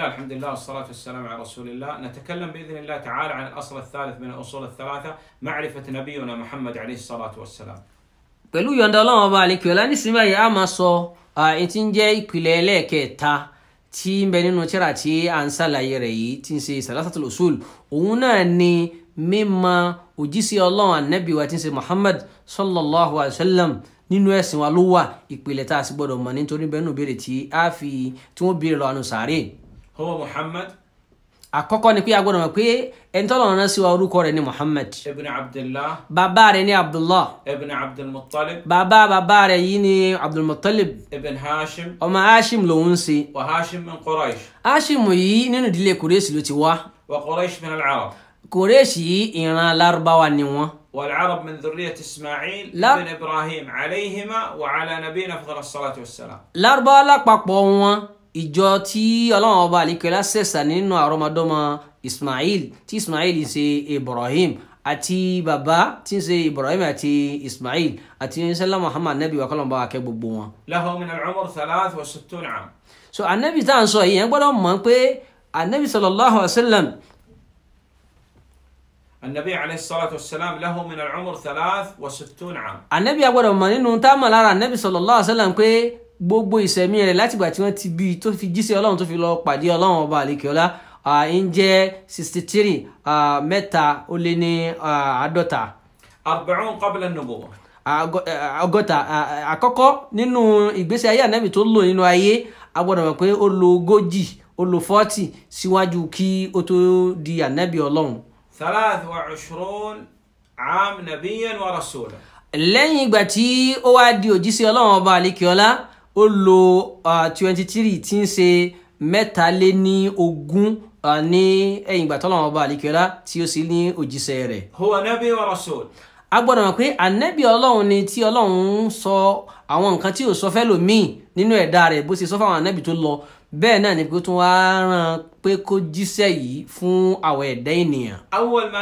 الحمد لله والصلاة والسلام على رسول الله نتكلم بإذن الله تعالى عن الأصل الثالث من الأصول الثلاثة معرفة نبينا محمد عليه الصلاة والسلام pẹ̀lú yọ̀ǹda ọlọ́run ọba àlekè ọ̀la nísìnyí báyìí a máa sọ ẹni tí ń jẹ́ ìpìlẹ̀ ẹlẹ́ẹ̀kẹta tí ń bẹ nínú tíra tí à ń ṣàlàyé rẹ̀ yìí tí ń ṣe salasatul usul òun náà ni mímọ òjíṣẹ́ ọlọ́run ànábì wa tí ń ṣe Muhammad sallallahu alayhi wa sallam nínú ẹ̀sìn wa ló wà ìpìlẹ̀ tá a sì gbọ́dọ̀ mọ̀ nítorí bẹ́ẹ̀ nù béèrè tí wọ́n béèrè lọ́wọ́ àánú sàárè هو محمد àkọ́kọ́ ni pé a gbọ́dọ̀ mọ̀ pé ẹni tọ́lọ̀ rán sí wa orúkọ rẹ̀ ni muhammad. ibn abdullah. bàbá rẹ̀ ni abdullah. ibn abdulmutalib. bàbá bàbá rẹ̀ yìí ni abdulmutalib. ibn hashim. ọmọ hashim lòun ṣe. wa hashim min quraish. hashim yìí nínú ìdílé kùrẹ́sì ló ti wá. wa quraish min al-arab. kùrẹ́sì yìí ìran ni wọ́n. والعرب من ذرية إسماعيل لا. إبراهيم عليهما وعلى نبينا أفضل الصلاة والسلام. أربعة لا بقوا ìjọ tí ọlọ́run ọba àlìkẹ́lá sẹ̀sà nínú àrọ́mọdọ́mọ Ismail tí Ismail ṣe Ibrahim àti bàbá tí ń ṣe Ibrahim àti Ismail àti sẹ́lá Muhammad nabi wa kọ́lọ́mọba akẹ́ gbogbo wọn. lahu min al-umr thalath wa sittun am. so anabi tá à ń sọ yìí yẹn gbọ́dọ̀ mọ̀ pé anabi sallallahu alayhi wa sallam. النبي عليه الصلاة والسلام له من العمر ثلاث وستون عام النبي أقول من إنه تام على النبي صلى الله عليه وسلم كي gbogbo ìsẹ̀mí rẹ̀ látìgbà tí wọ́n ti bí i tó fi jíṣẹ́ ọlọ́run tó fi lọ pàdé ọlọ́run ọba àlekèọ́lá ń jẹ́ sixty three mẹ́ta ó lé ní àádọ́ta. arba'un qabla an-nubuwwah. ọgọ́ta àkọ́kọ́ nínú ìgbésí ayé ànábì tó lò nínú ayé a gbọ́dọ̀ mọ̀ pé ó lo ogójì ó lo forty síwájú kí ó tó di ànábì ọlọ́run. thalath wa ushrun am nabiyyan wa rasulan. lẹ́yìn ìgbà tí ó wá di òjíṣẹ́ ọlọ́run ọba àlekèọ́lá ó lo twenty three tí ń ṣe mẹ́taléníogún ní ẹ̀yìn ìgbà tọ́lọ́wọ́n ọba àlìkẹ́lá tí ó sì ní òjíṣẹ́ rẹ̀. huwa nabi wa rasul a gbọ́dọ̀ mọ̀ pé ànẹ́bí ọlọ́run ni tí ọlọ́run ń sọ àwọn nǹkan tí ò sọ fẹ́ lòmíì nínú ẹ̀dá rẹ̀ bó ṣe sọ fáwọn ànẹ́bí tó lọ bẹ́ẹ̀ náà ni pé tó wá rán pé kó jíṣẹ́ yìí fún àwọn ẹ̀dá ènìyàn. awwal ma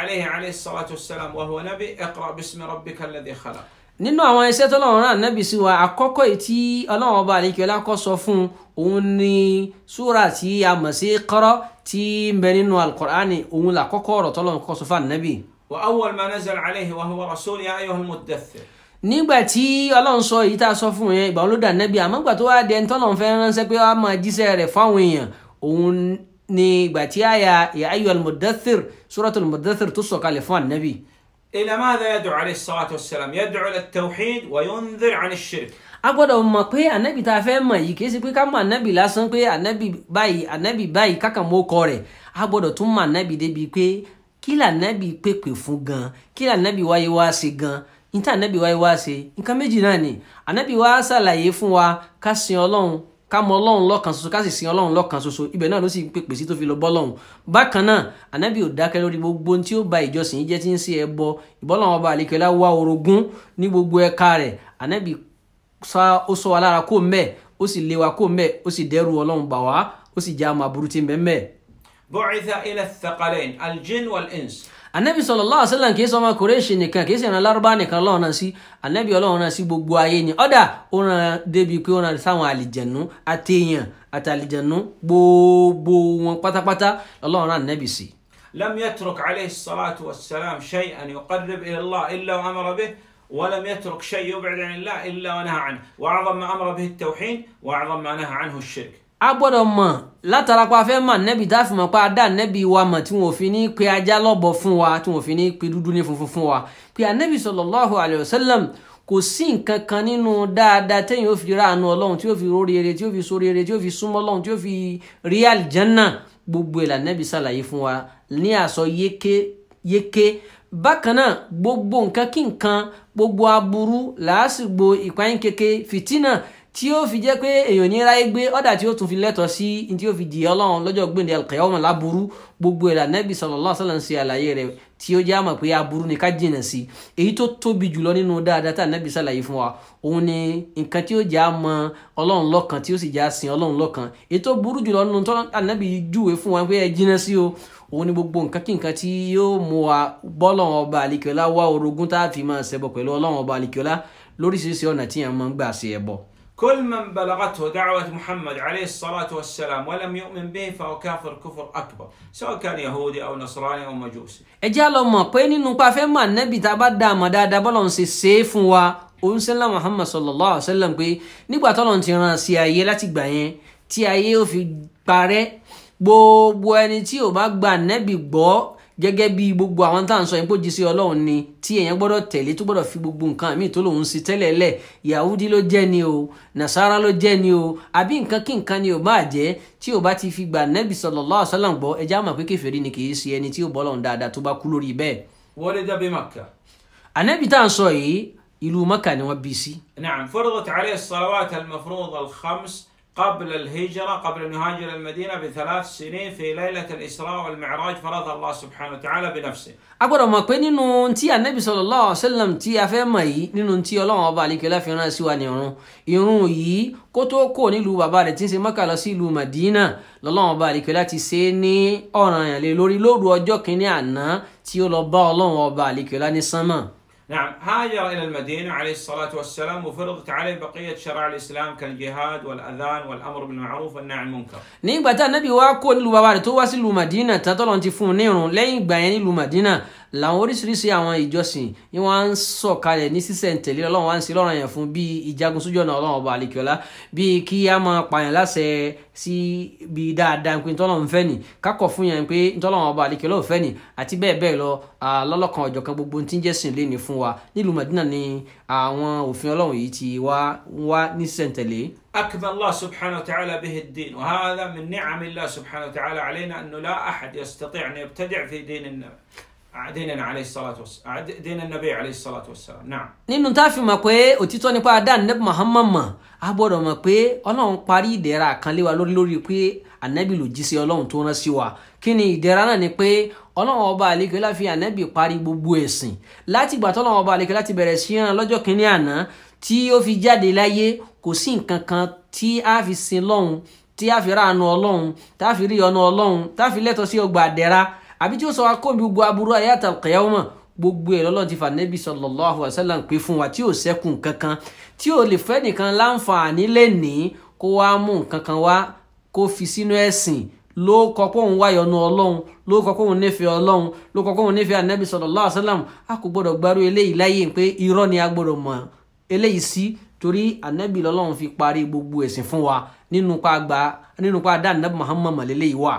alayhi alayhi salatu wassalam wa huwa nabi iqra bismi rabbika alladhi khalaq nínú àwọn iṣẹ́ tọ́lọ́run rán nábì sí wa àkọ́kọ́ èyí tí ọlọ́run ọba àlekèọ́lá kọ́ sọ fún òun ni súrà tí a mọ̀ sí Qara tí ń bẹ nínú alukur'ani òun là kọ́kọ́ ọ̀rọ̀ tọ́lọ́run kọ́ sọ fún ànábì. wa awwal ma nazala alayhi wa huwa rasul ya ayyuhal muddaththir. nígbà tí ọlọ́run sọ èyí tá a sọ fún yẹn ìgbà wọn ló dà nábì àmọ́ ìgbà tó wá dé tọ́lọ́run إلى ماذا يدعو عليه الصلاة والسلام؟ يدعو للتوحيد وينذر عن الشرك. a gbọ́dọ̀ mọ̀ pé ànábì tá a fẹ́ mọ̀ yìí kìí ṣe pé ká mọ̀ ànábì lásán pé ànábì báyìí ànábì báyìí kákan mọ́ kọ rẹ̀ a gbọ́dọ̀ tún mọ̀ ànábì débi pé kí lànábì pèpè fún gan kí lànábì wáyé wá ṣe gan níta ànábì wáyé wá ṣe nǹkan méjì náà ni ànábì wá ṣàlàyé fún wa ká sin ọlọ́run ká mọ ọlọ́run lọ́kan ṣoṣo ká sì sin ọlọ́run lọ́kan ṣoṣo ibẹ̀ náà ló sì pèpè sí tó fi lọ bọ́lọ́run bákan náà ànábì ò dákẹ́ lórí gbogbo tí ó ba ìjọsìn jẹ́ tí ń ṣe ẹbọ ìbọ́lọ́run ọba àlekèlá wá orogún ní gbogbo ẹ̀ka rẹ̀ ànábì sá ó sọ wa lára kó mbẹ́ ó sì lé wa kó mbẹ́ ó sì dẹ́rù ọlọ́run bà wá ó sì já àmọ́ àbúrú ti mbẹ́ mbẹ́. bu'itha ila ath-thaqalayn al-jinn wal-ins النبي صلى الله عليه وسلم كيس ما كوريش إنك كيس أنا لربا إنك الله ناسي النبي الله ناسي بوجوايني أدا أنا دبي كونا سامع الجنة أتينيا أتالي الجنة بو بو ما قطع قطع الله أنا النبي سي لم يترك عليه الصلاة والسلام شيئا يقرب إلى الله إلا وأمر به ولم يترك شيء يبعد عن الله إلا ونهى عنه وأعظم ما أمر به التوحيد وأعظم ما نهى عنه الشرك a gbọ́dọ̀ mọ̀ látara pa fẹ́ mà nẹ́bi tá a fi mọ̀ pa dá nẹ́bi wa mọ̀ tí wọn fi ní pe ajá lọ́bọ̀ fún wa tí wọn fi ní pe dúdú ní funfun fún wa pé anẹ́bi sallallahu alayhi wa sallam kò sí nǹkan kan nínú dáadáa téèyàn ó fi ráàánú ọlọ́run tí ó fi rórí eré tí ó fi sórí eré tí ó fi súnmọ́ ọlọ́run tí ó fi rí àlìjánná gbogbo ìlànà nẹ́bi sàlàyé fún wa ní àsọ yéké bákan náà gbogbo nǹkan kí nǹkan gbogbo aburú làásìgbò ìpáyín keke fìtínà tí ó fi jẹ́ pé èèyàn ní ráyé gbé ọ̀dà tí ó tún fi lẹ́tọ̀ọ́ sí tí ó fi di ọlọ́run lọ́jọ́ gbèndé alqiyama láburú gbogbo ẹ̀rọ anẹ́bí sallallahu alaihi wasallam ń ṣe àlàyé rẹ̀ tí ó jẹ́ àmọ̀ pé aburú ni ká jìnà sí èyí tó tóbi jùlọ nínú dáadáa tá anẹ́bí ṣàlàyé fún wa òun ni nǹkan tí ó jẹ́ àmọ́ ọlọ́run lọ́kan tí ó sì jẹ́ àsìn ọlọ́run lọ́kan èyí tó burú jùlọ nínú tó anẹ́bí júwe fún wa pé ẹ jìnà sí o òun ni gbogbo nǹkan kí nǹkan tí yóò mú wa bọ́lọ̀wọ̀n ọba àlìkíọ́lá wá orogún tá a fi máa ṣẹbọ pẹ̀lú ọlọ́run ọba àlìkíọ́lá lóríṣiríṣi ọ̀nà tí yẹn máa ń gbà ṣe ẹbọ كل من بلغته دعوة محمد عليه الصلاة والسلام ولم يؤمن به فهو كافر كفر أكبر سواء كان يهودي أو نصراني أو مجوسي ẹ jẹ́ lọ mọ̀ pé nínú pàfẹ́ mà nẹ́bí tá a bá dá àmọ́ dáadáa bọ́lá ń ṣe ṣe é fún wa oníṣẹ́lá muhammad sallallahu alayhi wa sallam pé nígbà tọ́lọ̀ ti ràn sí ayé láti gbà yẹn tí ayé ó fi parẹ́ gbogbo ẹni tí ò bá gba nẹ́bí gbọ́ gẹ́gẹ́ bí gbogbo àwọn tá à ń sọ yẹn pé òjíṣẹ́ ọlọ́run ni tí èèyàn gbọ́dọ̀ tẹ̀lé tó gbọ́dọ̀ fi gbogbo nǹkan míì tó lòun sí tẹ́lẹ̀ lẹ̀ yahudi ló jẹ́ ni o nasara ló jẹ́ ni o àbí nǹkan kí nǹkan ni ò máa jẹ́ tí ò bá ti fi gbà nẹ́bì sallallahu alaihi wasallam gbọ́ ẹja àmọ̀ pé kèfèrí ni kì í ṣe ẹni tí ó bọ́lọ̀ dáadáa tó bá kú lórí bẹ́ẹ̀. wọ́n jábẹ́ màkà. ànẹ́bì tá à ń sọ yìí ìlú màkà ni wọ́n bí sí. na'am faradat قبل الهجرة قبل أن يهاجر المدينة بثلاث سنين في ليلة الإسراء والمعراج فرض الله سبحانه وتعالى بنفسه. a gbọ́dọ̀ mọ̀ pé nínú tí anabi sallallahu alaihi wasallam tí a fẹ́ mọ̀ yìí nínú tí Ọlọ́run ọba àlekèlá fi rán sí wa ní irun irun yìí kó tó kó nílùú bàbá rẹ̀ tí ń ṣe Mẹ́kà lọ sí ìlú Madina lọ́lọ́run ọba àlekèlá ti ṣe é ní ọ̀ranyàn lé lóru ọjọ́ kìíní àná tí ó lọ bá Ọlọ́run ọba àlekèlá ní sánmà. نعم هاجر إلى المدينة عليه الصلاة والسلام وفرضت عليه بقية شرائع الإسلام كالجهاد والأذان والأمر بالمعروف والنهي عن المنكر nígbà tá a nábì wá kó nílùú bàbá rẹ̀ tó wá sílùú Madina tátọ́lọ́n ti làwọn oríṣiríṣi àwọn ìjọsìn ni wọ́n á ń sọ̀kalẹ̀ ní sísẹ̀ntẹ̀lé ọlọ́run wá ń ṣe lọ́rọ̀ yẹn fún bíi ìjagun sójú ọ̀nà ọlọ́run ọba àlekíọ́lá bíi kí á máa pààyàn láṣẹ sí bí dáadáa pé ntọ́lọ́run fẹ́ nì kákọ̀ fún yẹn pé ntọ́lọ́run ọba àlekíọ́lá ò fẹ́ nì àti bẹ́ẹ̀ bẹ́ẹ̀ lọ lọ́lọ́kan ọ̀jọ̀kan gbogbo tí ń jẹ́sìn lé fún wa nílùú Madina ni àwọn òfin ọlọ́run yìí ti wá wá ní sísẹ̀ntẹ̀lé. أكمل الله سبحانه وتعالى به الدين وهذا من نعم الله سبحانه وتعالى علينا أنه لا أحد يستطيع أن يبتدع في دين النبي àdéhùn alẹ́ sọ́látọ̀ àdéhùn nàbẹ́ alẹ́ sọ́látọ̀ sọ́lá náà. nínú tá a fi mọ̀ pé òtítọ́ nípa adan nebi muhammad mọ̀ a gbọ́dọ̀ mọ̀ pé ọlọ́run parí ìdẹ̀ra kan lé wa lórí lórí pé ànábì ló jíṣẹ́ ọlọ́run tó rán sí wa kí ni ìdẹ̀ra náà ni pé ọlọ́run ọba àlekè láfi ànábì parí gbogbo ẹ̀sìn láti ìgbà tọ́lọ́run ọba àlekè láti bẹ̀rẹ̀ sí hàn lọ́jọ́ kínní àná tí ó fi jáde láyé kò sí nǹkan kan tí a fi sin lọ́hùn tí a fi ráàánú ọlọ́hun tá a fi rí ọ̀nà àbí tí ó sọ akó gbogbo aburú ayé àtàlùkìyàwó gbogbo ẹ̀ lọ́lọ́ ti fà nẹ́bí sallallahu alaihi wasallam pé fún wa tí ò sẹ́kùn kankan tí ò lè fẹ́ nìkan láǹfààní lè ní kó wá mú nǹkan kan wá kó fi sínú ẹ̀sìn ló kọ pé òun wáyọ̀ nu ọlọ́run ló kọ pé òun nífẹ̀ẹ́ ọlọ́run ló kọ pé òun nífẹ̀ẹ́ ànẹ́bí sallallahu alaihi wasallam a kò gbọ́dọ̀ gbárù eléyìí láyé pé irọ́ ni a gbọ́dọ̀ mọ̀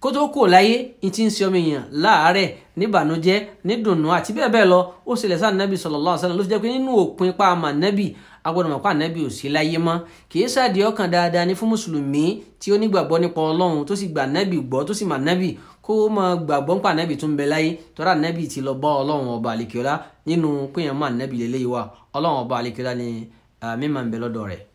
kó tó kò láyé n ti ń ṣe ọmọ èèyàn láàárẹ̀ níbànújẹ́ nídùnnú àti bẹ́ẹ̀ bẹ́ẹ̀ lọ ó ṣẹlẹ̀ sáà nẹ́bì sallallahu alaihi wasallam ló fi jẹ́ pé nínú òpin pa àmà nẹ́bì agbọ́dọ̀ mọ̀ pé ànẹ́bì ò sí láyé mọ́ kì í ṣàdí ọkàn dáadáa ní fún mùsùlùmí tí ó nígbàgbọ́ nípa ọlọ́run tó sì gbà nẹ́bì gbọ́ tó sì mà nẹ́bì kó mọ gbàgbọ́ nípa nẹ́bì tó ń bẹ láyé tọ́ra nẹ́bì ti lọ bá ọlọ́run ọba àlekèọ́lá nínú péyàn ni mímọ̀ ń bẹ lọ́dọ̀